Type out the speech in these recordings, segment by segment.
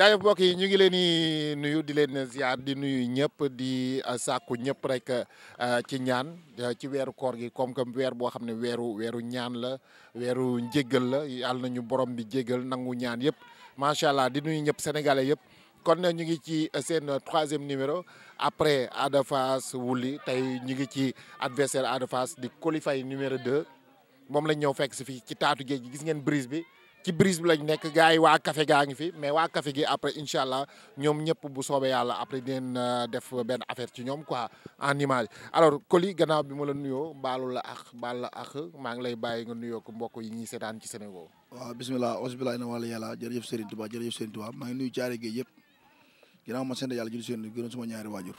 jaajëf mbokk yi ñu ngi leen di nuyu di leen ziar di nuyu ñëpp di ah, sàkku ñëpp rek ah, ci ñaan ah, ci weeru koor gi comme que weer boo xam ne weeru weeru ñaan la weeru njéggal la yàlla ñu borom bi jéggal nangu ñaan yëpp macha allah di nuyu ñëpp sénégalais yëpp. kon ñu ngi ci seen troisième numéro après Ada Fass tey ñu ngi ci adversaire Ada Fass di qualifié numéro 2 moom lañ ñëw fekk si fii ci taatu géej gi gis ngeen brise bi. ci brise bi nekk gars yi waa kafe gaa ngi fi mais waa kafe gi après incha allah ñoom ñëpp bu soobee yàlla après dinañ euh, def benn affaire ci ñoom quoi en image alors Coly gannaaw bi ma la nuyoo baalu la ak baal la ak maa ngi lay bàyyi nga nuyoo ko mbokk yi ñuy seetaan ci Sénégal. waaw bisimilah asbilahi na wàllu yàlla jërëjëf Serigne Touba jërëjëf Serigne Touba maa ngi nuyu caare gi yëpp ginnaaw ma sant yàlla jël seen gërëm suma ñaari waajur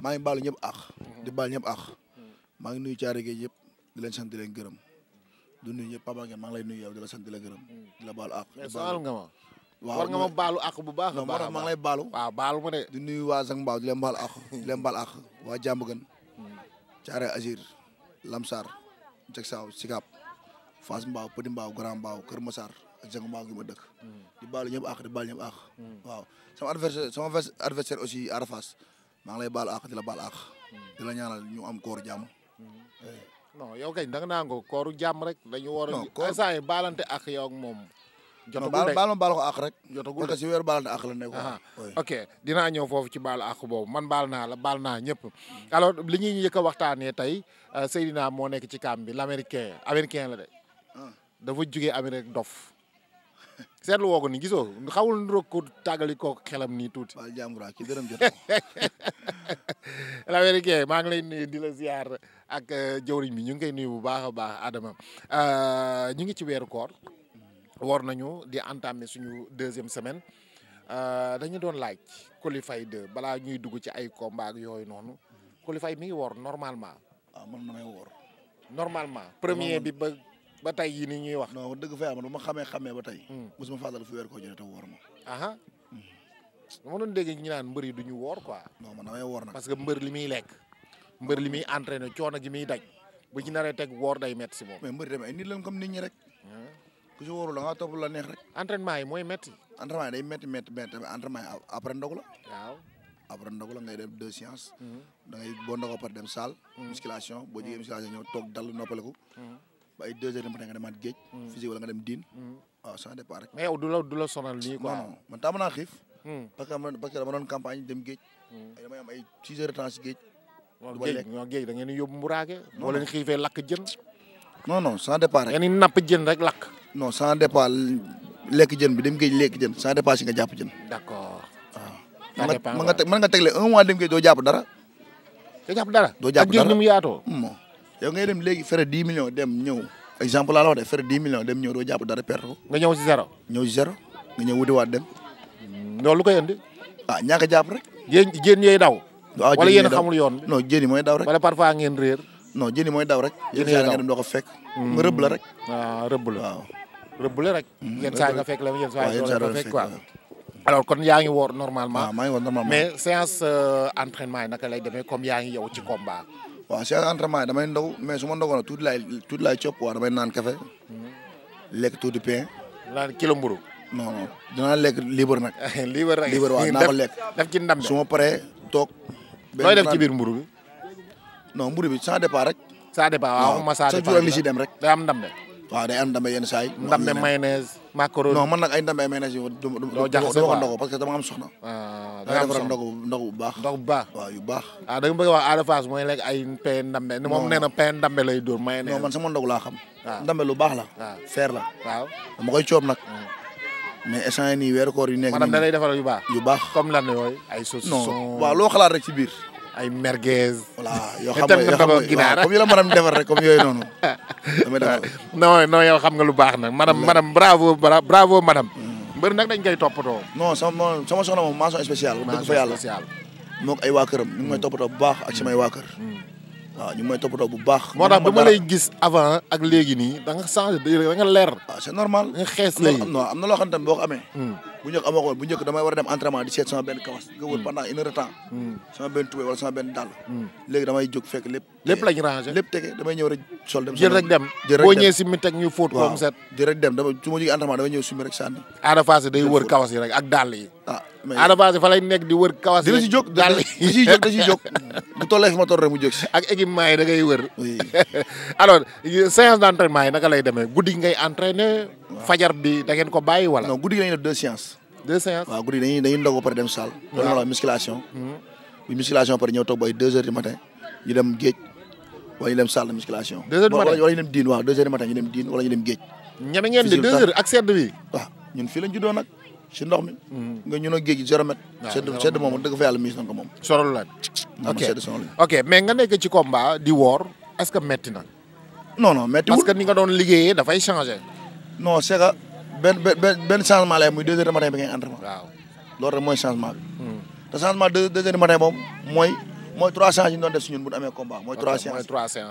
maa ngi baalu ñëpp ak di baal ñëpp ak hmm. maa ngi nuyu caare gi yëpp di leen sant leen gërëm du nuyu ñëpp Papa Ngeen maa ngi lay nuyu yow di la sant di la gërëm. Mm. di la baalu àq. mais sonal nga ma. waaw war nga ma baalu àq bu baax. non moo tax maa ngi lay baalu. waaw baalu ma de. di nuyu waa Zang Mbaaw di leen baal àq. di leen baal àq waa Diamaguène. Mm. Thiaré Azur. Lamsar. Jaksaaw Sicap. Fass Mbaaw Petit Mbaaw Grand Mbaaw Kër Massar ak Zang Mbaaw gi ma dëkk. Mm. di baalu ñëpp àq di baalu ñëpp àq. waaw sama adversaire sama adversaire aussi Arafas maa ngi lay baalu àq di la baal àq. di la ñaanal ñu am koor jàmm eh. non yow kañ danga naan ko kooru jàmm rek. dañu war a ay saa yi ak yow ak moom. jotagul de baal baal ko ak rek. jotagul de si weeru baalante ak la nekkoon. ok dinaa ñëw foofu ci bal ak boobu man baal naa la baal naa ñëpp. alors li ñuy njëkk a waxtaanee tey euh, Seydina moo nekk ci kaam bi l' américain américain la de. Ah. dafa jugee Amérique dof. seetlu woo ko ni gisoo xawul niroo ko tàggali ko xelam nii tuuti. waaw jàmm ah, ci dërëm jot ko. l' américain di la ziar. ak euh, jëwriñ bi ñu ngi koy nuyu bu baax a baax Adama euh, ñu ngi ci weeru koor mm-hmm. war nañu di entamer suñu deuxième semaine euh, dañu doon laaj Coly de balaa ñuy dugg ci ay combat ak yooyu noonu Coly mm-hmm. Faye mi ngi woor normalement. ah man damay woor. normalement premier bi ba ba tey yi ni ñuy wax. non dëgg fa yàlla man ma xamee xamee ba tey. Mm. mosuma fàttali fu weer koo jëlee a woor ma. aha mm-hmm. dama doon dégg ñu naan mbër yi du ñu woor quoi. non man damay woor parce que mbër li muy lekk. mbër li muy entraîné coono gi muy daj bu ci naree teg woor day métti si moom. mais mbër tamit ay nit lañ comme nit rek. Hmm. ku si wóorul da ngaa topp la neex rek. entraînement yi mooy métti. entraînement yi day métti après ndogu la. waaw après ndogu la ngay hmm. boo ndogoo par dem salle. Hmm. musculation boo jógee musculation ñëw toog dal noppaliku. ba ay deux heures du matin nga demaat géej. physique wala nga dem diin. waaw sans départ rek. mais sonal nii quoi. non non man tàmm naa xiif. parce campagne dem géej. ay damay am géej non géej da ngeen di yóbbu mburaage. boo leen lakk jën. non non sans napp jën rek lakk. non sans départ jën bi dem géej lekk jën sans départ si nga jàpp jën. d'accord waaw. Ah. mën nga mën nga tegle un mois dem géej doo jàpp dara. doo dara doo jàpp dara ak mu yaatoo. yow ngay dem léegi fere 10 millions dem ñëw exemple laa la wax de fere dem ñëw jàpp dara perte ko. nga ñëw si zéro. ñëw si zéro nga ñëw wutiwaat dem. loolu lu koy indi. ah ñaaka jàpp rek. yéen jën yooyu daw. Ah, wala yéen xamul yoon bi non jëni mooy daw rek wala parfois ngeen réer non mooy daw rek yéen saa nga dem doo ko fekk nga mm. rëbb la rek ah, waaw rëbb la waaw rek mm, yéen saa nga fekk la yéen saa nga doo ko kon yaa ngi woor normalement ah, maa ngi woor normalement mais séance euh, entraînement yi naka lay demee comme yaa ngi yow ci combat waaw séance entraînement yi ndaw mais su ma ndogoona tuuti laay tuuti laay copp waaw damay naan café mm-hmm. lekk tuuti pain naan kilo mburu non non dinaa lekk libre nag libre rek libre waaw naa ko lekk def ci ndam su ma paree looy def ci biir mburu bi. non mburu bi sans départ rek. sans départ waaw waxuma sans départ la ci dem rek. day am ndambe. waaw day am ndambe yenn saa yi. ndambe mayonnaise. macaroni non man nag ay ndambe ay mayonnaise yu. doo jaxase dama ko ndogu parce que dama am soxna. Ah, da nga defaral ndogu ndogu bu baax. ndogu bu baax waaw yu baax. ah da nga bëgg a wax Ada Fass mooy lekk ay pain ndambe. non moom nee na pain ndambe lay dóor mayonnaise. non man sama ndogu laa xam. waaw ah. ndambe lu baax la. waaw ah. feer la. waaw dama koy coob nag. Mm. mais échange yi nii weeru koor yu nekk. maanaam da lay defal yu baax yu baax. comme lan la yooyu ay saucisson non waaw loo xalaat rek ci biir. ay merguez. voilà yoo xam nga yoo xam yi la madame defar rek comme yooyu noonu. damay defar non xam nga lu baax nag. madame madame bravo bravo madame. Mm. mbër nag dañ koy toppatoo. non sama sama soxna moom mention spéciale. dëgg fa yàlla mention spéciale. moom ay waa këram. ñu ngi toppatoo bu baax ak samay mm. waa kër. Mm. waaw ñu may toppatoo bu baax. moo tax ba ma lay gis avant ak léegi nii da nga changé da nga leer. waaw ah, c'est normal nga xees lay. non am na loo xam tamit boo ko hmm. bu njëkk ama ko bu njëkk damay war a dem entraînement di seet sama benn kawas nga hmm. wër pendant une heure de temps hmm. sama benn tubéy wala sama benn dàll hmm. léegi damay jóg fekk lépp lépp lañ rangé lépp tege damay ñëw rek sol dem jël rek dem boo ñëwee simmi teg ñu fóot ko mu set jël rek dem dama su ma jógee entraînement damay ñëw simmi rek sànni Ada Fass day wër kawas yi rek ak dàll yi ah Ada Fass fa lay nekk di wër kawas yi dina si jóg dàll yi da siy jóg da siy jóg bu tollee fi ma toll rek mu jóg si ak équipement yi da ngay wër alors séance d'entraînement yi naka lay demee guddi ngay entraîner fajar bi da ngeen ko bàyyi wala. non gi dañuy def deux séances. pare dem salle. waaw loolu la mhm. pare ñëw toog ba deux heures du matin ñu dem géej wala ñu dem salle de musculation. deux heures du matin wala ñu dem diin waaw ñu dem diin ñeme ngeen di deux heures ak sedd bi. ñun fii lañ nag si ndox mi. Mhm. nga ñun ak géej gi zéro mètre. waaw sedd sedd moom dëgg fa yàlla miis na ko moom. sorol la ok ok mais nga nekk ci combat di woor est que metti na. non non méttiwul parce non c'est que benn benn benn changement lay muy deux heures du matin bi ngay entraînement. waaw loolu rek mooy changement bi. Hmm. te changement deux deux heures du matin moom mooy mooy trois séances yi ñu doon def si ñun bu ñu amee heures du matin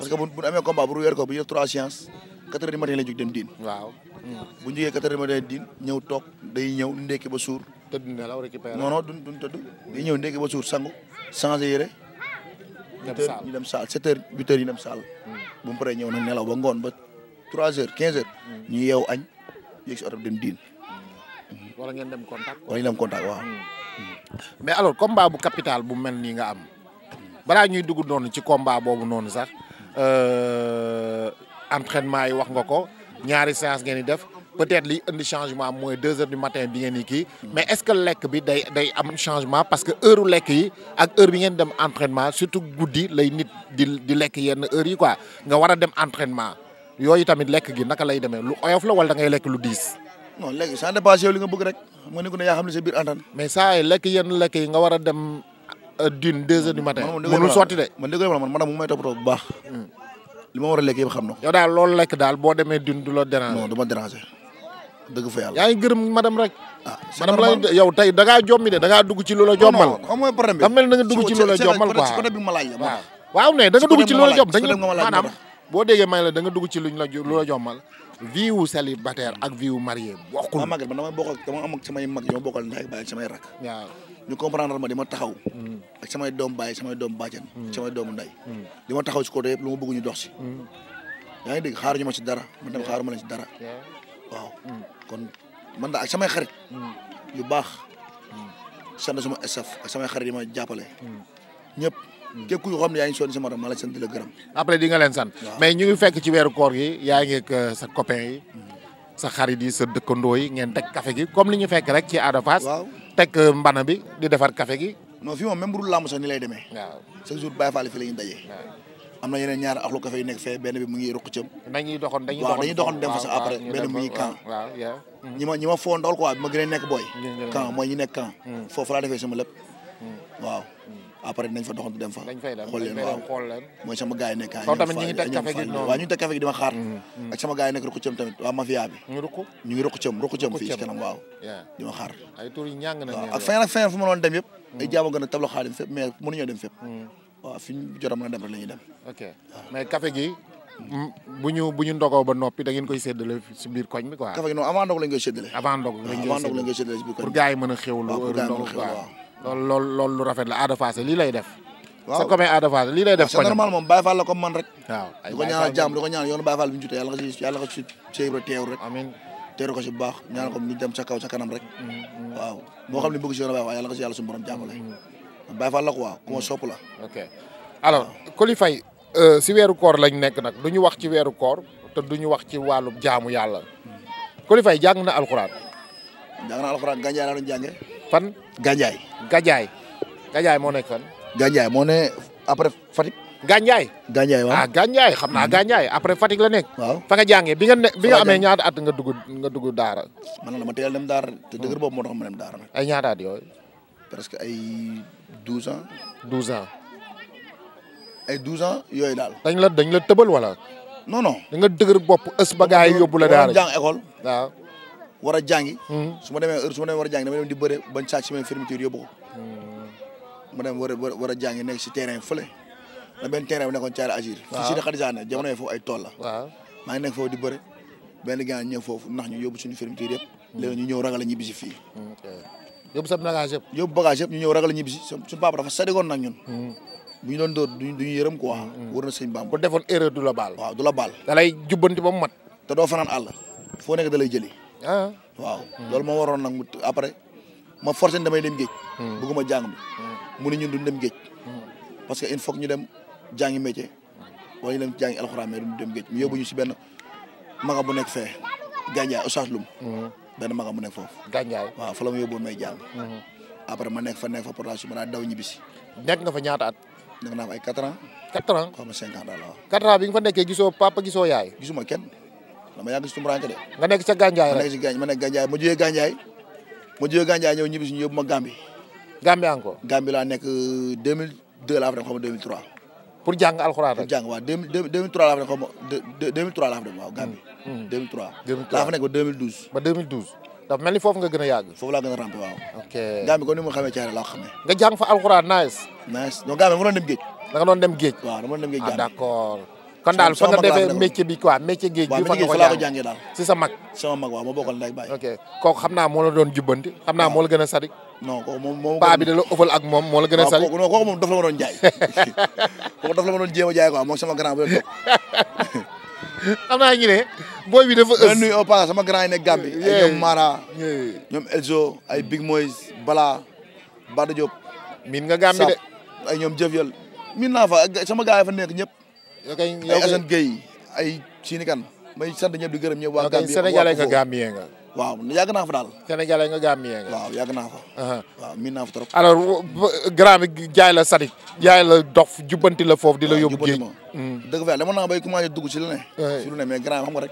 hmm. ñëw toog day ñëw ndekki ba suur. tëdd nelaw récupéré non non duñ duñ tëdd day ñëw ndekki ba suur sangu changé yére. dem saal ñu dem saal sept heures huit heures ñu dem saal. Hmm. bu mu paree ñëw nelaw ba ngoon ba. trois heures quinze heures. ñu yeewu añ yéeg si oto dem diin. wala ngeen dem contact. wala ñu dem contact waaw. Hmm. mais alors combat bu capital bu mel nii nga am balaa ñuy dugg noonu ci combat boobu noonu sax euh, entraînement yi wax nga ko ñaari séance ngeen di def peut-être li indi changement mooy deux heures du matin bi ngeen di kii. mais est-ce que lekk bi day day am changement parce que heure lekk yi ak heure bi ngeen dem entraînement surtout guddi lay nit di di lekk yenn heure yi quoi nga war a dem entraînement. yooyu tamit lekk gi naka lay demee lu oyof la wala da ngay lekk lu diis. non léegi ça dépasse yow mais saa yi lekk yi nga war a dem dune deux heures du matin. mënul sotti de man dëgg mu may toppatoo bu baax. li ma war a lekk yëpp xam na. yow daal loolu lekk daal boo demee dune du la déranger. non du ma déranger dëgg fa yàlla. yaa ngi gërëm madame rek. ah madame lay yow tey da ngaa jommi de da ngaa dugg ci loola jommal. non non xam nga problème bi. da mel na nga dugg ci loola jommal quoi. waaw waaw ne da nga dugg ci loola jom dañu maanaam boo déggee may la da nga dugg ci luñ la lu la jommal vie wu célibataire ak vie wu marié bokkul. waaw màggat man damay bokk ak dama am samay mag yoo bokkal ndaay bàyyi samay rak. waaw ñu comprendre ma di ma taxaw. Hmm. samay doom bàyyi samay doom bàjjen. Hmm. samay doomu nday hmm. di ma taxaw si côté yëpp lu ma bëgg ñu dox si. yaa ngi dégg xaar xaaruñu ma si dara man tam xaaruma leen si dara. waaw kon man daal ak samay xarit. yu baax. sant sama staff ak samay xarit yi ma jàppale. ñëpp. képp kuy xam ne yaa ngi sonn si maanaam ma la sant di la gërëm. après di nga leen sant. mais ñu fekk ci weeru koor gi yaa ngi euh, sa copain yi. sa xarit yi sa dëkkandoo yi ngeen teg kafe gi comme li ñu fekk rek ci Ada Fass. waaw teg euh, mbana bi di defar kafe gi. non fi moom même bu dul làmb sax ni lay demee. waaw chaque jour Baye Fall fi la ñuy daje. am na yeneen ñaar axlu café yu nekk fee benn bi mu ngi ruq cëm. dañuy doxoon dañuy doxoon waaw dañuy doxoon dem fa sax après benn bi mu ngi camp. waaw mm. ñi a après nañ fa doxantu dem fa. dañ fay dem xool leen waaw xool leen. mooy sama gars nekk kaay. kaw tamit waaw ñu ngi teg café gi di ma mm-hmm, mm-hmm. ak sama gars yi nekk Rokucem tamit waa mafia bi. ñu ngi Rokucem Rokucem fii ci mm-hmm. fi jot a mën dem rek la dem. mais café gi. bu ñu ba noppi da ngeen koy séddale si biir koñ bi quoi. café ndog lañ koy séddale. pour gars yi mën a loolu loolu loolu lu rafet la Ada Fass lii lay def. waaw sa comme Ada Fass lii lay def. c'est normal moom Baye Fall la comme man rek. waaw ay Baye ko ñaanal jàmm di ko ñaanal yoonu Baye Fall bi ñu jotee yàlla nga si yàlla nga si Cheikh Ibra teew rek. amiin teeru ko bu baax ñaanal ko mu dem ca kaw ca kanam rek. Mm, mm. waaw boo xam ne bëgg si yoonu Baye Fall yàlla nga si yàlla suñu borom jàmmale. Mm, Baye Fall la quoi ku sopp la. ok alors Coly si euh, weeru koor lañ nekk nag du ñu wax ci weeru koor te du ñu wax ci wàllu jaamu yàlla Coly Faye na alxuraan. jàng na alxuraan gàncax laa doon jàngee fan. Gandiaye. Gandiaye. Gandiaye moo nekk fan. Gandiaye moo ne après Fatick. Gandiaye. Gandiaye waaw ah Gandiaye xam naa mm-hmm. Gandiaye après Fatick la nekk. waaw fa nga jàngee bi nga ne bi nga amee ñaata at nga dugg nga dugg Daara. man na teel a dem Daara te dëgër mm. boobu moo tax ma dem Daara nag. ay ñaata at yooyu. presque ay douze ans. douze ans. ay douze ans yooyu daal. dañ la dañ la tëbal wala. non non. da nga dëgër bopp ës ba gaay la. daara jàng école waaw. war a jàngi. Hmm. su ma demee heure su ma war a jàngi dama dem di bëre bañ sàcc si ma fermeture yóbbu ko. Hmm. ma dem war a war a jàngi nekk si terrain fële. na benn terrain bu nekkoon caari agir. waaw fii si Khadija ne ay tool la. waaw maa ngi nekk foofu di bëre. benn gars ñëw foofu ndax ñu yóbbu suñu fermeture yëpp. Hmm. ñu ñëw ragal a ñibbi si fii. yóbbu sa bagage yëpp. yóbbu ñu ñëw ragal a ñibbi si suñu papa dafa sadigoon nag ñun. bu ñu doon dóor du ñu yërëm quoi. war na sëñ Bamba. bu defoon erreur du la baal. da lay jubbanti ba mu mat. te doo fanaan àll. foo nekk da lay jëli Ah. waaw loolu moo waroon nag mu après ma forcé ne damay dem géej hmm. bëgguma jàng bi hmm. mu ne ñun duñ dem géej hmm. parce que il faut ñu dem jàngi métier wala ñu dem jàngi alxuraan mais duñ dem géej mu yóbbu ñu si benn maga bu nekk fee gànjaay Oustaz Loum benn maga bu nekk foofu gànjaay waaw fa la ma yóbbu may jàng après ma nekk fa nekk fa portage ma daal daw ñibbisi nekk nga ñaata at nekk naa fa ay quatre ans quatre ans xaw ma cinq gisoo papa gisoo yaay gisuma kenn dama yàgg si tumuraanke de nga nekk ca gànjaay ma nekk si gànjaay ma nekk gànjaay ma jógee gànjaay ma jógee gànjaay ñëw ñibbi si ñu ma Gambie Gambie encore laa nekk 2002 euh, laa fa dem xam nga 2003 pour jàng alxuraan rek pour jàng waaw 2003 laa fa dem xam nga 2003 laa fa dem waaw mm, mm. nekk ba mel ni foofu nga gën a yàgg foofu laa gën a rampe waaw ok Gambie ni ma xamee caare laa ko nga jàng fa alxuraan nice nice donc Gambie dama doon dem géej nga doon dem géej waaw dama kon daal fa nga defee métier bi quoi métier géej bi fa nga ko jàngee daal si sa mag sama mag waaw ma bokkal ndey baay ok xam naa moo la doon jubbanti xam naa moola gën a sadik non kooku moom moom la moom moo la gën a sadik non kooku ma doon jaay kooku daf la ma doon jéem a jaay quoi moom sama grand bu leen toog xam naa ñu ne booy bi dafa ës sama grand yi nekk Gambie ay ñoom Mara ñoom Elzo ay Big Moise Bala Bada Diop miin nga Gambie de ay ñoom Jëf Yal miin naa fa sama gars fa nekk ñëpp yow ay Assane Gueye ay Sini may sant ñëpp di gërëm ñëpp waa Gambie sénégalais nga Gambien nga waaw yàgg naa fa daal sénégalais nga Gambien nga waaw yàgg naa fa waaw miin naa jaay la sadik jaay la dox jubbanti la foofu di la yóbbu géej hmm. dëgg fa dama naa bay commencé dugg ci lu ne ci eh. lu ne mais grand xam nga rek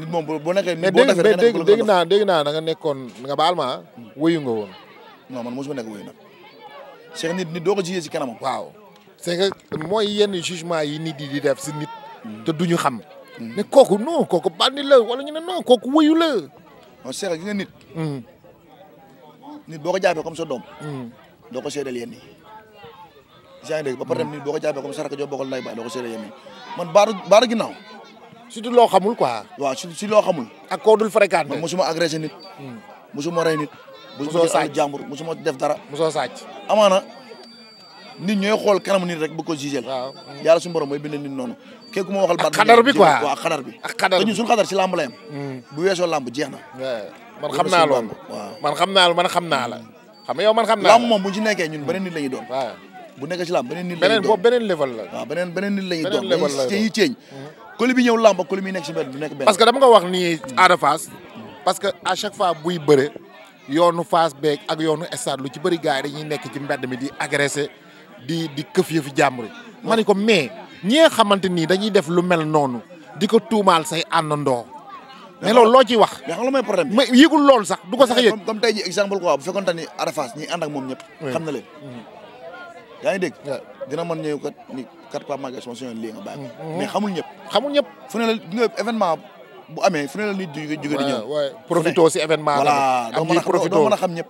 nit moom boo nekkee mais dégg dégg naa dégg nga nekkoon nga baal ma ah. hmm. wëyu nga woon non man mosuma nekk wëyu nag nit nit doo ko si ci kanamam waaw c'est que mooy yenn jugement yi nit yi di def si nit. te duñu xam. ne kooku non kooku bandi la wala ñu ne non kooku wuyu la. non c'est nga nit. Mm. nit boo ko jàppee comme sa doom. Mm. doo ko seedeel yenn yi. yaa ngi dégg ba lay baay doo ko seedeel man baaru baaru ginnaaw. surtout loo xamul quoi. waaw loo xamul. ak koo dul mu man mosuma agressé nit. mosuma mm. rey nit. mosoo sàcc mosuma jàmbur mosuma def dara. mosoo sàcc amaana. nit ñooy xool kanamu nit rek bu ko jugé. waaw yàlla suñu borom mooy bind nit noonu. képp ku ma waxal. ak xadar ñun suñu xadar ci làmb la yem. Hmm. bu weesoo làmb jeex na. Eh, man xam naa loolu man xam naa la man xam naa la. xam nga yow man xam naa la làmb moom bu ci nekkee ñun beneen nit la ñuy doon. bu nekkee ci làmb beneen nit la ñuy doon beneen la. waaw beneen beneen la ñuy doon dañuy ceeñ koli hmm. bi ñëw làmb ak koli nekk ci mbedd parce que nii parce que à chaque fois buy bëre yoonu Fass beeg ak yoonu stade lu ci bëri gars yi dañuy nekk ci mbedd mi di agressé di di këf yëfi jàmbur yi ma ne ko mais ñi nga xamante nii dañuy def lu mel noonu di ko tuumaal say àndandoo mais loolu loo ciy wax mais xam la mooy problème mais loolu sax du ko sax yëg comme tey ji exemple quoi bu fekkoon ni Arafas ñi ànd ak ñëpp xam na mm-hmm. yaa ngi dégg dina mën ñëw kat ni kat pa maga xamul ñëpp xamul ñëpp fu ne la nga événement bu amee fu ne la nit jóge di ñëw profito si événement voilà am ñuy profito doo mën a xam ñëpp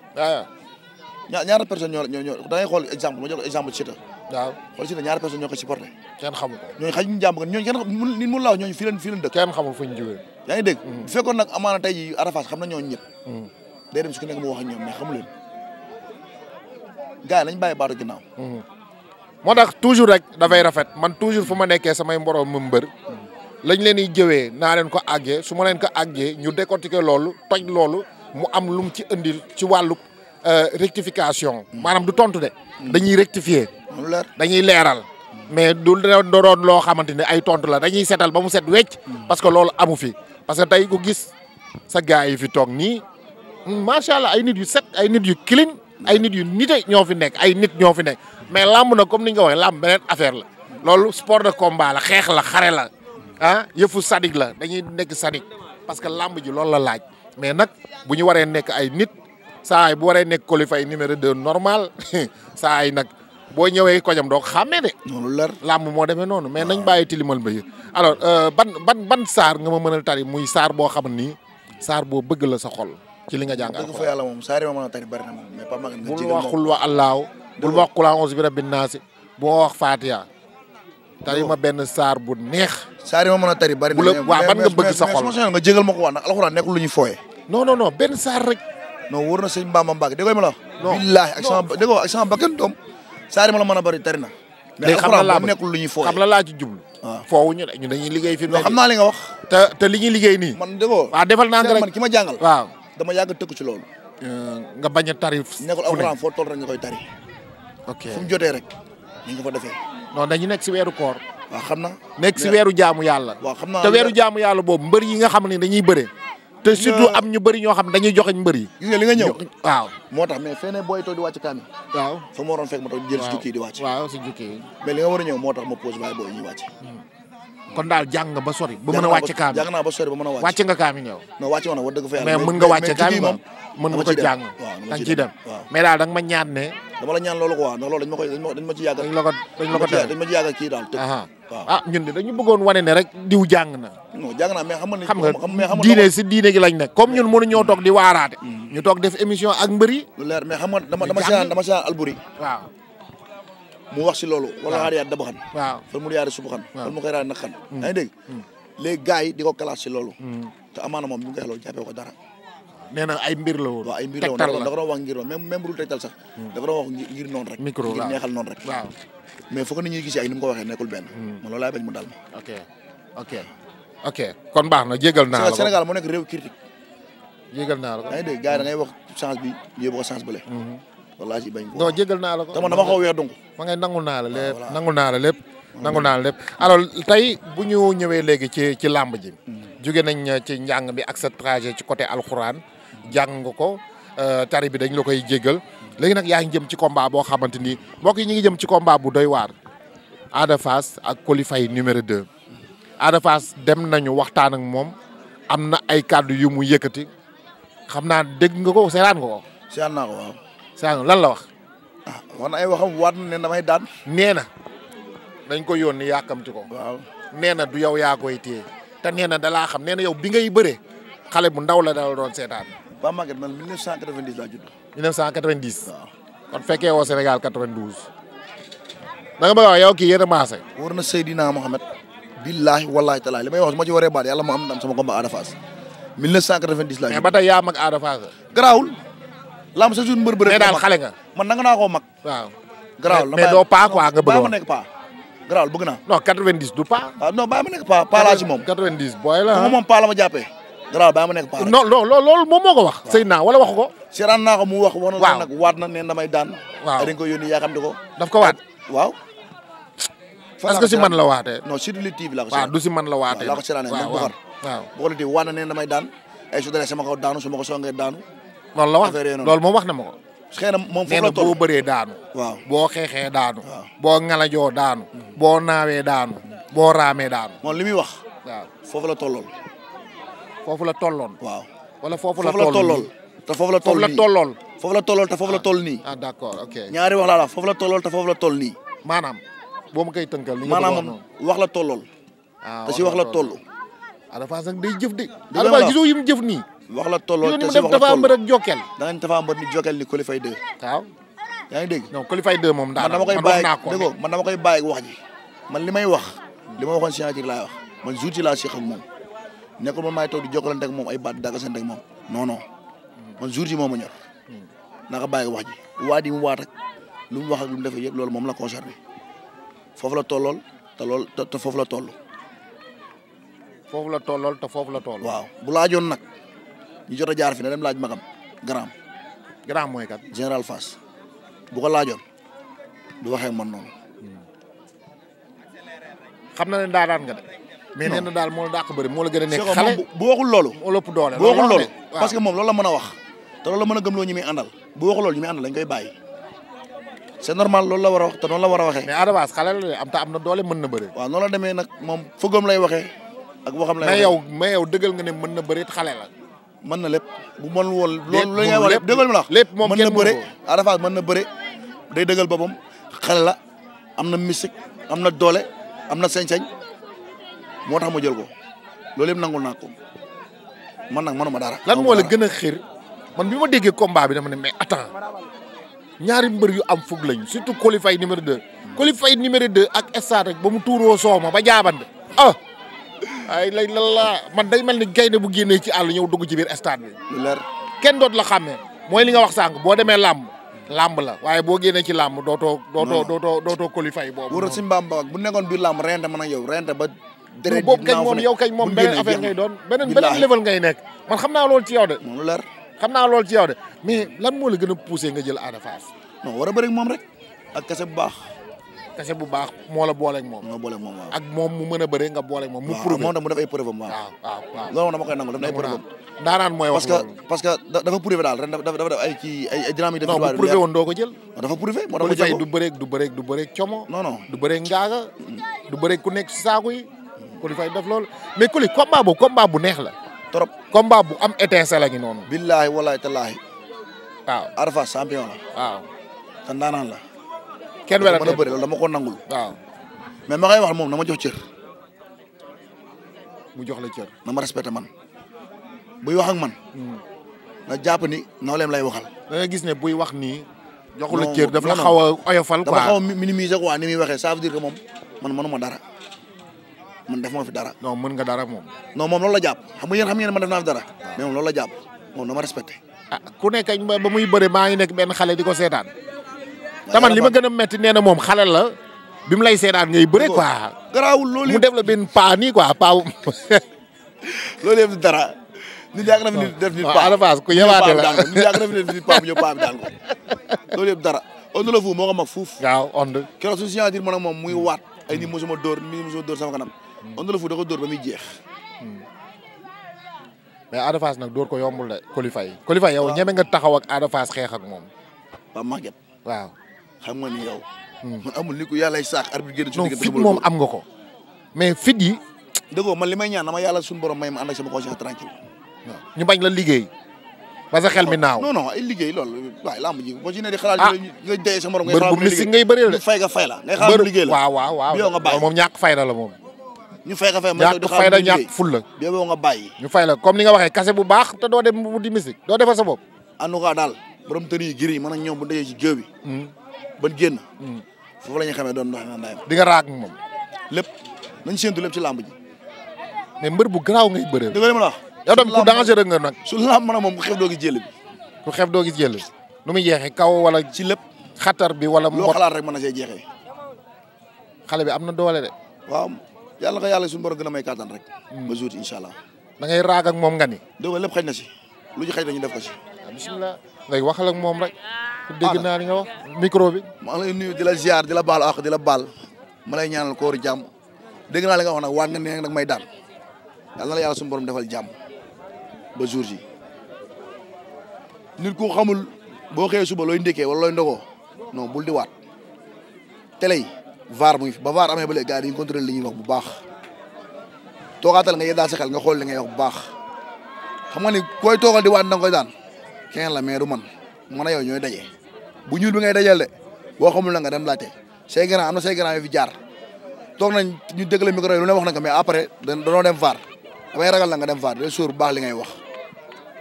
ñaar ñaar personne ñoo ñoo ñoo da ngay xool exemple ma jox exemple Siteu. waaw xool ñaar personne ñoo ko supporté. kenn xamu ko ñooñu xaj ñu jàmm nga ñooñu kenn xam nit mun laa wax ñooñu fii dëkk. kenn xamul fu ñu jógee. yaa ngi dégg. Mm-hmm. bu fekkoon nag amaana tey jii Arafat xam na ñooñu ñëpp. Mm-hmm. day dem su ko nekk mu wax a ñoom mais xamu leen gars yi nañ bàyyi baatu ginnaaw. Mm-hmm. moo tax toujours rek dafay rafet man toujours fu ma nekkee samay mborom mu mbër. lañ leen di jëwee naa leen ko àggee su ma leen ko àggee ñu décortiquer loolu toj loolu mu am lu mu ci indi ci wàllu Euh, rectification maanaam du tontu de. dañuy rectifier. dañuy leeral. mais du doon loo xamante ne ay tontu la dañuy setal ba mu set wecc. parce que loolu amu fi parce que tey ku gis sa gars yi fi toog nii macha allah ay nit yu set ay nit yu clean ay nit yu nite ñoo fi nekk ay nit ñoo fi nekk mais làmb na comme ni nga ko waxee làmb beneen affaire la. loolu sport de combat la xeex la xare la ah yëfu sadik la dañuy nekk sadik parce que làmb ji loolu la laaj mais nag bu ñu waree nekk ay nit. saa yi bu waree nekk qualifié numéro de normal saa yi nag boo ñëwee kojam doo xàmmee de. noonu leer làmb moo demee noonu. mais nañ bàyyi tilimal ba yi alors ban ban ban saar nga ma mënal tari muy saar boo xam ni saar boo bëgg la sa xol. ci li nga jàng dëgg fa yàlla moom saar yi ma mën a wax xul wa allaaw. bul wax qul a'uuzu bi rabbin boo wax Fatiha. tari ma benn saar bu neex. saar yi ma mën a tari bari na bu la waaw ban nga bëgg sa xol mais mais mais nga jégal ma ko wax ndax benn saar rek. non wóor na sëñ Bamba Mbacke déggoo ma la wax. non billaahi ak sama déggoo ak sama bakkan ma la mën a bëri tari na. mais xam laa nekkul lu ñuy fooyee xam la laa ci jublu. waaw ah. foowu ñu dañuy liggéey fi mu xam naa li nga wax. te li ñuy liggéey nii. man déggoo waaw defal naa nga rek ki ma jàngal. waaw dama yàgg tëkku ci loolu. Euh, nga baña a tari. fu nekkul alxuraan foo toll rek nga koy tari. ok fu mu jotee rek ni nga ko defee. non dañu nekk si weeru koor. waaw xam na nekk si weeru jaamu yàlla. waaw xam naa te weeru jaamu yàlla boobu mbër yi nga xam ne dañuy bëre te surtout am ñu bëri ñoo xam dañuy joxeñ mbër yi gis nga li waaw moo tax mais fene booy toog di wàcc kaami waaw fa a moo tax ma pose bàyyi booy ñuy wàcc hmm. kon daal jàng nga ba sori ba mën a wàcc kaami jàng naa ba a nga kaami ñëw non nga wàcc kaami nga ko jàng dem mais daal da ma ñaan ne dama la ñaan loolu quoi ndax dañ ma koy dañ ma ci yàgg dañ la ko dañ la dañ ma ci yàgg kii ah ñun de dañu bëggoon wane ne rek diw jàng na. non jàng naa mais xam nga. xam nga diine si diine gi lañ nekk comme ñun mënuñoo toog di waaraate. Mm-hmm. ñu toog def émission ak mbër yi. lu leer mais xam nga dama dama seetaan mu wax si loolu. wala xaar yaa daba xan. waaw fan mu yaari subu xan. fan mu koy raadu nag xan. Mm. yaa ngi dégg mm. yi di ko classé si loolu. Mm. te amaana moom ñu ngi koy xelal jàppee ko dara. nee na ay mbir la woon. waaw ay da ko doon wax ngir noonu même même bu dul tegtal sax. da ko doon wax ngir noonu rek. micro mais foog nit ñuy gisee ak ni mu ko waxee nekkul benn. Hmm. man loolu laay bañ mu dal ma. ok ok ok kon baax na jégal naa la ko Sénégal moo nekk réew critique. jégal naa la gars yi da ngay wax chance bi yóbbu ko chance bële. Hmm. wallaahi bañ ko naa la ko. dama dama xaw weer donc. Ah, naa la lépp nangul lépp. nangul naa lépp alors tey bu ñu ñëwee léegi ci ci làmb ji. Hmm. jóge nañ ci njàng mi ak ci côté alxuraan jàng nga ko euh, tari bi dañ la koy jégal léegi nag yaa ngi jëm ci combat boo xamante ni mbokk yi ñu ngi jëm ci combat bu doy waar Ada Fass ak Coly Faye numéro 2 Ada Fass dem nañu waxtaan ak moom am na ay kàddu yu mu yëkkati xam naa dégg nga ko seetaan nga ko. seetaan naa lan la wax. ah wax na ay waxam waat na ne damay daan. nee na dañ ko yónni yàkkamti ko. waaw nee na du yow yaa koy téye te nee na dalaa xam nee na yow bi ngay bëree xale bu ndaw la dala doon seetaan. ba Maguette man 1990 laa judd. 1990. waaw kon fekkee woo Sénégal 92. da nga may wax yow kii yéen a maase. war na Seydina Mohamed. billaahi wallaahi taalaa li may wax su ma ci waree baat ma am ndam sama combat Ada Fass. 1990 laa mais ba tey yaa mag Ada Fass. garaawul. lamb sa suñu mbër bëre. mais daal nga man nanga naa koo mag. waaw garaawul mais doo paa quoi nga bëgg a wax ma nekk paa. garaawul bëgg naa. non 90 du paa. ah non bàyyi ma nekk paa paa ah. paa la ma garaaw baa ma nekk paa non non loolu moom moo wax. sëy naa wala wax ko. seeraan naa ko mu wax. waaw wax na waat na ne damay daan. waaw dañ ko yónni yaa xam ne ko. daf ko waat waaw. est que si man la waatee. non si li la ko. waaw du si man la waatee la ko seeraan waaw waaw waaw bu ko daan ay su sama kaw daanu su ma ko songee daanu. loolu la wax loolu moom wax na ma ko. xëy na moom foofu la toll boo bëree waaw boo xeexee daanu. boo ngalajoo daanu. Mm-hmm. boo naawee daanu. boo raamee daanu. moom li muy wax. waaw foofu la tollool foofu la tolloon. waaw wala foofu la. tolloon te foofu la toll nii foofu la tolloon te foofu la toll nii. ah d'accord ok. ñaari wax laa la foofu la tolloon te foofu la toll nii. maanaam boo ma koy tënkal. li nga maanaam wax la tolloon. ah te si wax la toll. Ada Fass nag day jëf de. dëgg la gisoo yi mu jëf nii. wax la tolloo te si wax la toll dafa mbër ak Jokal. danañ dafa mbër ni Jokal ni Colifay 2. waaw. yaa ngi dégg. non Colifay 2 moom daal man dama koy bàyyi dégg man dama koy bàyyi wax ji. man li may wax. li ma waxoon signature laay wax man jour ci laa si xam moom nekkul man maay toog di jokkalante ak moom ay baat daggasante ak moom non non man jour ji moo ma ñor naka bàyyi wax ji waa mu waat lu mu wax lu mu defee yëpp loolu moom la concerné foofu la tollool te lool te foofu la toll. foofu la tollool te foofu la toll. waaw bu laajoon nag ñu jot a jaar fi na dem laaj magam garaam. garaam mooy kat. général Fass bu ko laajoon du waxee man noonu. Hmm. xam na ne daadaan nga de. mais nee daal moo la dàq moo la gën a nekk xale bu waxul loolu moo lëpp doole bu waxul loolu parce que moom loolu mën a wax te loolu mën a gëm loo ñi muy àndal bu waxul loolu ñi muy àndal la war a wax la war a waxee mais Ada Fass xale am na doole mën na bëri waaw nag moom fëggoom lay waxee ak waxam lay mais yow mais yow dëggal nga ne mën na bëri xale la mën na lépp bu mën woon loolu la ngay wax lépp dëggal mi la wax lépp moom mën na bëre Ada mën na bëre day dëggal boppam xale la am na musique am na doole am na sañ moo tax ma jël ko loolu yëpp nangul naa ko man nag manuma dara. lan moo la gën a xiir man bi ma déggee combat bi dama ne mais attends ñaari mbër yu am fug lañu surtout qualifié numéro 2. Hmm. qualifié numéro 2 ak stade rek ba mu tuuroo soow ma ba jaabande ah. ay lay lalla man day mel ni gaynde bu génnee ci àll ñëw dugg ci biir stade bi. leer kenn doot la xàmmee mooy li nga wax sànq boo demee làmb. lamb la waaye boo génnee ci làmb dootoo. dootoo dootoo dootoo qualifié boobu. wóor na si mbaam bu nekkoon biir làmb rente man ak yow rente ba deret boobu kañ moom yow kañ moom beneen affaire level ngay nekk man xam naa loolu ci yow de mu leer xam naa loolu ci yow de mais lan moo la gën a poussé nga jël Ada Fass war a bëri moom rek ak kese bu baax kese bu baax moo moom moo booleeg moom ak moom mu mën a bëri nga booleeg moom mu prouvé moom tam mu def ay waaw waaw waaw loolu moom dama koy nangu def na ay que daal dafa dafa def ay doo ko jël dafa prouvé moo tax du bëreeg du bëreeg du como du bëreeg ngaaga mm. du bëreeg ku nekk si Coly Faye def loolu mais Coly combat bu neex la. trop combat bu am étincelle la ñu noonu. billaahi walaahi talaahi. waaw Arfa la. waaw la. kenn weeree loolu mën a bëri dama ko nangul. mais ma koy wax moom na ma jox cër. mu jox la cër. na ma respecté man buy wax man. Hmm. na jàpp ni nooleem lay waxal. da nga gis ne buy wax nii. jox la cër daf la xaw a oyofal quoi dama xaw a minimiser ni muy waxee ça veut dire que moom man mënuma dara. man def ma fi dara. non mën nga dara moom. non moom loolu a jàpp xam ma yéen xam ngeen man def naa fi dara. mais moom loolu la jàpp moom na ma respecté. ah ku nekk ba muy bëre maa ngi nekk benn xale di ko seetaan. taman li ma gën a métti nee na moom xale la bi mu lay seetaan ngay bëre quoi. garaawul loolu mu def la benn paa nii quoi paa. loolu yëpp dara. nit yàgg na fi nit def nit paa waaw waaw ku yebaate la nit yàgg na fi nit paa bu ñëw paa bi daal ko loolu yëpp dara. ond la fuuf moo ko mag fuuf. waaw ond. keroog suñu signature man ak moom muy waat ay ni mosuma dóor ni mosuma dóor Onde mm. le Fou da ko ba muy jeex. mais Ada Fass nag dóor ko yombul de qualifié qualifié yow ñeme nga taxaw ak Ada Fass xeex moom. ba màgget. waaw xam nga ni yow. Mm. man amul ni ko yàllay saax moom am nga ko. mais fit yi. dëggoo man li may ñaan dama yàlla suñu borom may ma ànd ak la liggéey. parce que xel naaw non non ay liggéey loolu waaye boo ci ne di xalaat. ah nga dee sa morom ngay xalaat fay nga la. ngay la moom. ñu fay ka fay ma ñàkk fay la ñàkk ful la bi boo nga bàyyi ñu fay la comme ni nga waxee kase bu baax te doo dem bu di musique doo defal sa bopp en tout cas daal borom tën yi giri mën ak ñoom bu dajee ci géew bi hmm. hmm. foofu la ñu xamee doon dox na ndayam di nga raak moom lépp nañ séentu lépp ci làmb ji mbër bu garaaw ngay bëree dëgg la ma la wax yow tam ku dangereux nga nag su làmb mën a moom ku xef doo gis jël bi ku xef doo gis jël bi nu muy jeexee kaw wala ci lépp xatar bi wala loo xalaat rek mën na see jeexee xale bi am na doole de yàlla nga yàlla suñu borom gën a may kàttan rek. ba jour incha allah. da ngay moom nga ni. dégg nga lépp xëj na si lu ci xëj dañu def ko si. Ah, bisimilah ngay ak moom rek. ah naa li nga wax micro bi. maa ngi lay nuyu di la ziar di la baal ak di la baal ma lay ñaanal ko jàmm dégg naa li nga wax nag waat nga ne nag may daan yàlla na la yàlla suñu borom defal jàmm ba jour ji nit ku xamul boo xëyee suba looy ndékkee wala looy ndogoo non bul di waat télé vaar mu ngi fi ba vaar amee ba léegi gars yi dañuy contrôler li ñuy wax bu baax toogaatal nga yeddaal sa xel nga xool li nga wax bu baax xam nga ni koy toogal di waan danga koy daan keneen la mais du man man na yow ñooy daje bu ñuul bi ngay dajal de boo xamul na nga dem laajte say grand am na say grand yu jaar toog nañ ñu dégg la micro yi lu ne wax na ko mais après danoo dem vaar damay ragal la nga dem vaar day sóor bu baax li ngay wax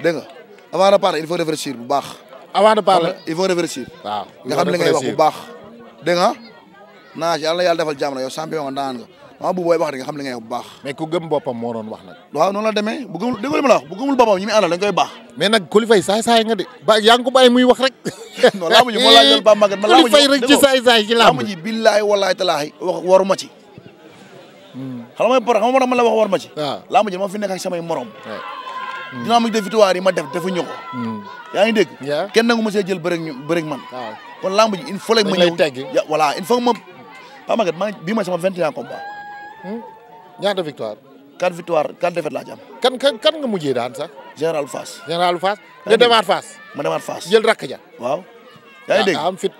dégg nga avant de parler il bu baax. avant de parler il nga xam li ngay wax bu baax dégg nga naa yàlla na yàlla defal jàmm na yow champion nga naan nga maa bu booy wax di nga xam li ngay wax bu baax mais ku gëm boppam moo doon wax nag waaw noonu la demee bu gëmul ma la wax bu ba ji ma kolifay rek ci saay la wax waru ji ma fi nekk ak samay morom ma mm. def victoire yi ma def dafa ñu ko mm. yaa ngi dégg kenn nangu ma see jël bërëg ñu bërëg man kon laamu ji il faut ma ñëw voilà il faut waaw ah, Maguette maa bii mooy sama 21 combat. Hmm? ñaata victoire. 4 victoire 4 défaites laa ci am. kan kan kan nga mujjee daan sax. général Fass. général Fass nga demaat jël rakk waaw yaa ngi dégg ah, am fit.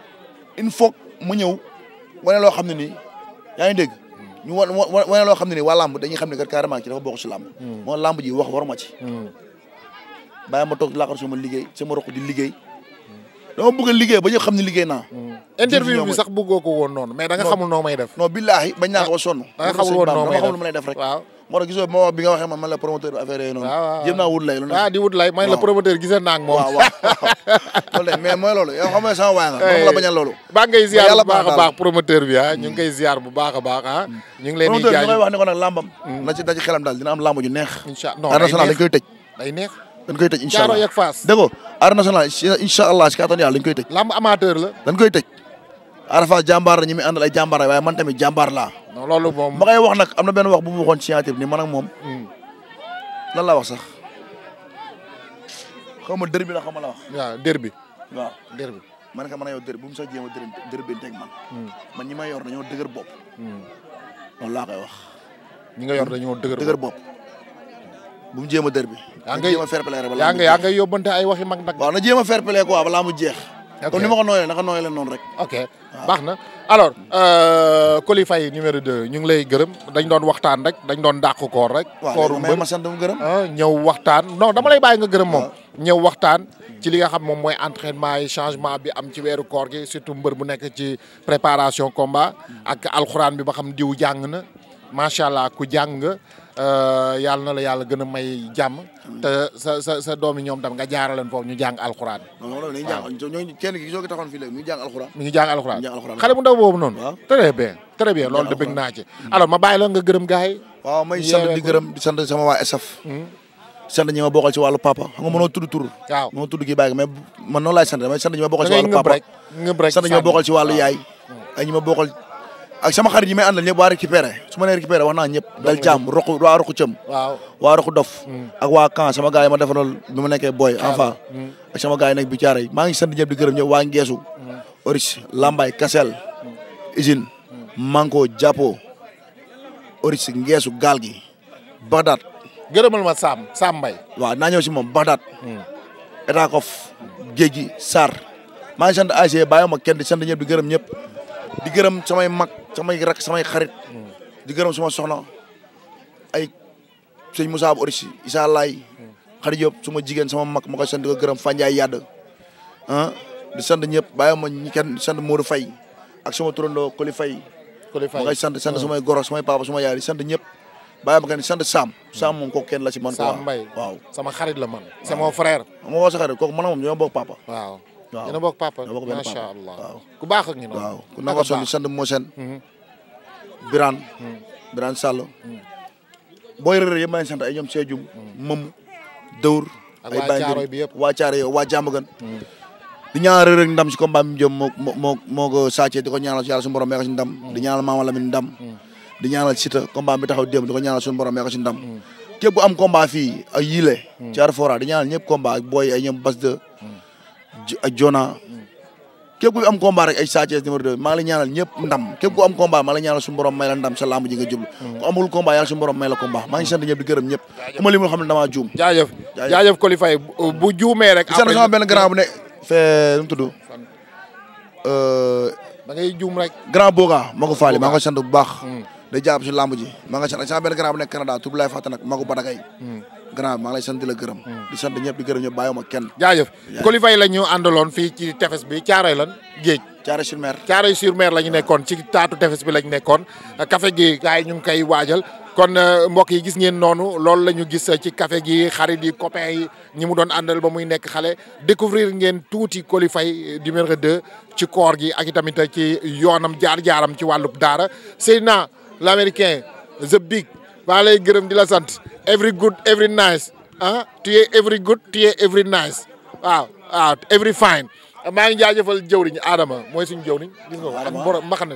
il faut mu ñëw wane loo xam ne ni yaa ngi dégg ñu wa wane loo xam ne nii waa làmb dañuy xam ne kat carrément ci dafa bokk si làmb. Hmm. moo làmb ji wax waruma ci. Hmm. bàyyi ma toog laaxar suma liggéey sama di liggéey. dama bëgg liggéey ba ñëpp xam ni liggéey naa. Mm. interview bi sax bëggoo woon noonu mais da nga xamul noo may def. no billaahi bañ naa ko ba sonn. da def dama xamul lu ma lay def rek. waaw moo tax gisoo ma bi nga waxee man la promoteur bi affaire yooyu noonu. waaw waaw jéem naa wut lay. ah di la promoteur gisee naa moom. mais mooy loolu yow xam nga sama waay nga. la bañ a loolu. baa ngay ziar baax a baax promoteur bi ah. ñu ngi mm. koy ziar bu baax a baax ah. Mm. ñu ngi leen di jaay promoteur bi wax ne ko nag làmbam. na ci na xelam daal dina am làmb ju neex. incha allah non day neex dañ koy tëj incha allah Thiaroye ak Fass dégg incha allah si kàttanu yàlla dañ koy tëj. lamb amateur la. dañ koy tëj. Arafa jàmbaar la ñi muy àndal ay jàmbaar la waaye man tamit jàmbaar laa. non loolu moom ma koy wax nag am na benn wax bu mu waxoon ni man ak moom. Hmm. lan la wax sax xaw ma dër bi la xaw ma la wax. waaw bi. waaw dër bi. man ka man a yow dër bu mu sax jéem a dër bi teg man. Hmm. man ñi may yor dañoo dëgër bopp. Hmm. loolu laa koy wax. ñi nga yor dañoo dëgër bopp bu mu jéem a dër bi. yaa ngi jéem yóbbante ay waxi mag nag. waaw na jéem a fair play quoi balaa mu jeex. ok comme ni ma ko nooyee naka nooyee leen noonu rek. ok baax na alors euh, Coly Faye numéro 2 ñu ngi lay gërëm dañ doon waxtaan rek dañ doon dàq koor rek. kooru mbër ma sant mu gërëm. Ah, ñëw waxtaan non dama lay bàyyi nga gërëm moom. ñëw waxtaan ci li nga xam moom mooy entraînement yi changement bi am ci weeru koor gi surtout mbër bu nekk ci préparation combat. Hmm. ak alxuraan bi ba xam diw jàng na macha allah ku jàng nga. Euh, yàlla na la yàlla gën may jàmm. sa sa sa doom yi ñoom tam nga jaaraleen foofu ñu jàng alxuraan. waaw non non kenn ki soo ko taxoon fii léegi ñu ñu jàng alxuraan xale bu ndaw boobu noonu. waaw très bien très bien loolu de ma bàyyi la nga gërëm gars yi. waaw may sant di gërëm di sant sama waa SAF. Hmm. sant ñi ma bokkal ci wàllu papa xam nga mënoo tudd tur. waaw mënoo tudd kii bàyyi mais man noonu ma bokkal ci ñi ma bokkal ci wàllu yaay hmm. ay ñi ma bokkal ak sama xarit yi may àndal ñëpp waa récupéré su ma nee récupéré wax naa ñëpp dal jaam roqu waa roqu cëm waa roqu dof mm. ak waa kan sama gars ma defalool bi ma nekkee booy enfant mm. ak sama gars yi nekk maa ngi sant ñëpp di gërëm ñëpp waa mm. oris lambay kasel usine manko jàppo oris ngeesu gaal gi bagdad gërëmal ma Sam Sam waa waaw naa ñëw si moom bagdad état kof géej gi maa ngi sant AG e, bàyyi ma kenn di samay rak samay xarit. di gërëm suma soxna ay sëñ Moussa bu Orisi Issa Laye. xarit yëpp suma jigéen sama mag ma koy sant di ko gërëm Fandiaye ah, di sant ñëpp bàyyi ma ñi kenn di sant Modou Faye ak suma turandoo Koli Faye. sant sant sumay goro sumay papa suma yaay di sant ñëpp. bàyyi ma kenn di sant kenn la man. Sam Mbaye waaw sama xarit la man. sama mon frère. moo man moom ñoo papa. waaw yéen a ku baax ak ñu noonu. waaw ku nangoo sonn sant moo seen. Birane. Hmm. Birane Sall. booy réer yëpp maa ngi sant ay ñoom Seydioum. Hmm. Mom waa Caaroy bi yëpp waa Caaroy yow waa Diamaguène. Hmm. di ñaanal Reug Reug ndam si combat bi mu jëm moo moo di ko ñaanal yàlla borom mee ko si di ñaanal Mama Lamine ndam. di ñaanal Siteu combat bi taxaw démb di ko ñaanal suñu borom mee ko si ndam. képp ku am combat fii ak di ñaanal ñëpp combat ak booy ay ñoom Bas Jona képp ku am combat rek ay Sa Thiès numéro 2 maa ngi la ñaanal ñëpp ndam képp ku am combat maa ngi la ñaanal suñu borom la ndam sa lamb ji nga jublu mm. ku amul combat yàlla suñu borom may la combat maa ngi sant ñëpp di gërëm ñëpp ku ma limul xam ne damaa juum jaajëf jaajëf Coly Faye bu juumee rek sant sama benn grand bu euh, da ngay juum rek grand Boga maa ko faale maa bu baax mm. day jàpp si lamb ji maa nga sant sama benn grand bu nekk Canada tur bi laay fàtte badagay mm. grand bi maa ngi lay sant di la gërëm hmm. di sant ñëpp di gërëm ñëpp bàyyiwuma kenn jaajëf Coly Faye la ñu fii ci tefes bi caaroy lan géej caaroy sur mer caaroy sur la ñu nekkoon ci taatu tefes bi la ñu nekkoon kafe hmm. gi gars yi ñu ngi koy waajal kon euh, mbokk yi gis ngeen noonu loolu la ñu gis euh, ci kafe gi xarit yi copain yi ñu mu doon àndal ba muy nekk xale découvrir ngeen tuuti Coly Faye euh, numéro 2 ci koor gi ak itamit ci yoonam jaar-jaaram ci wàllub daara Seydina l'américain the big maa lay gërëm di la sant every good every nice ah tu es every good tu es every nice waaw every fine maa ngi jaajëfal jëwriñ Adama mooy suñu jëwriñ gis nga ak borom mbaxana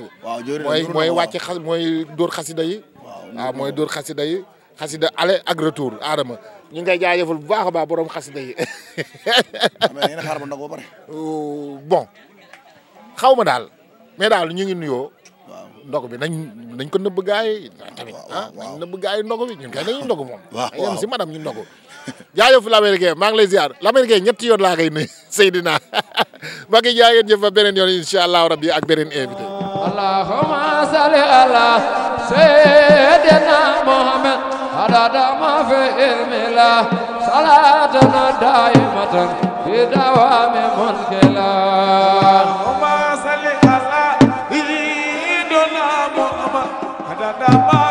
mooy mooy wàcce xas mooy dóor xasida yi ah, mooy dóor xasida yi xasida aller ak retour Adama ñu ngay jaajëfal bu baax a baax borom xasida yi bon xaw ma daal mais daal ñu ngi nuyoo waaw ndog bi nañ nañ ko nëbb gaay ndog bi ñun kay dañuy ndog moom yem si madame ñu ndog jaajëf l'américain maa ngi lay ziar l'américain ñetti yoon laa koy nuyu Seydina maa beneen yoon incha rabbi ak beneen invité allahumma salli ala sayyidina muhammad adada ma fi ilmila salatana daimatan fi dawami mulkila Baba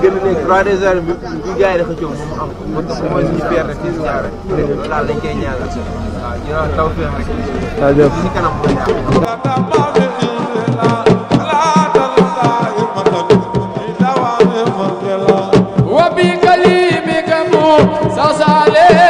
gën a nekk roi des arènes bi bi gars yi dafa coow moom am ko moom mooy suñu père rek fii ñaare daal dañ koy ñaanal waaw ñu naan taw feex rek jaajëf si kanam mooy daal Sasale